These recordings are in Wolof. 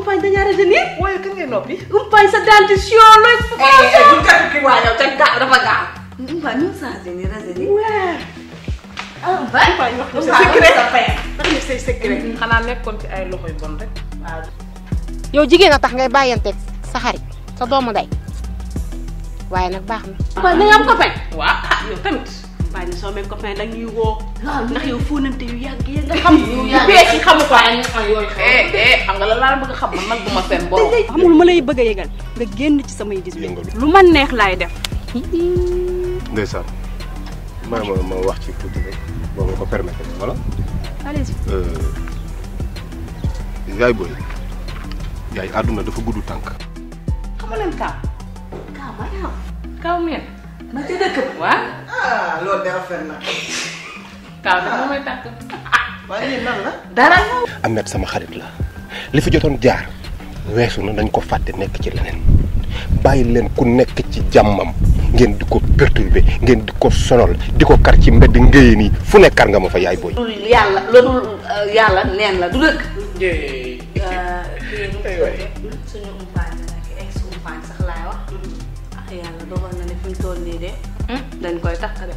umpaañ dañaa retenir. waaye kan ngay noppi. umpaañ sa dentition looy. bu ñu kat kii waa yow te gaa dafa gaaw. umpaañ ñu saa retenir retenir. waaw. ah umpaañ wax nga sa secret wax nga sa secret. Mm-hmm. xanaa nekkoon ci ay loxo yu bon rek. waaw. yow jigéen a tax ngay bàyyanteeg sa xarit sa doomu day waaye nag baax na. umpaañ da nga am copain. waaw ah yow tamit. waa ñu soo mel copain da ñuy woo. ndax yow fóonante yu yàgg yi nga xam. yu yàgg yi nga xam ko. yooyu eh, eh, xam laa bëgg xam man man bu ma fen borom. xamul ma lay bëgg a yëgal nga génn ci samay dis lu ma neex laay def. ndeysaan maa ma ma wax ci tuuti rek boo ma ko permettre euh, dafa gudd tànk. xamu ah, loolu de rafet na. Kaaw dafa may tàkk. waaye nan la. dara. Ameth sama xarit la. li fi jotoon jaar weesu na dañ ko fàtte nekk ci leneen bàyyi leen ku nekk ci jàmmam ngeen di ko perturber ngeen di ko sonal di ko kar ci mbedd ngëyeen yi fu nekkar nga ma fa yaay booy. loolu yàlla loolu euh, yàlla neen la du dëkk. Euh, suñu umpaañ nag ex ah, hmm? dañ koy takk de.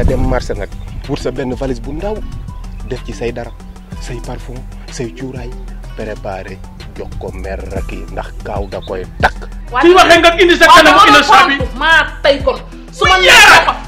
a dem marché nag pour sa benn valise bu ndaw def ci say dara say parfum say cuuraay préparé jox ko mer ndax kaaw da koy takk. waaw suñu nga indi sa kanam innocent bi maa tey kon. su ma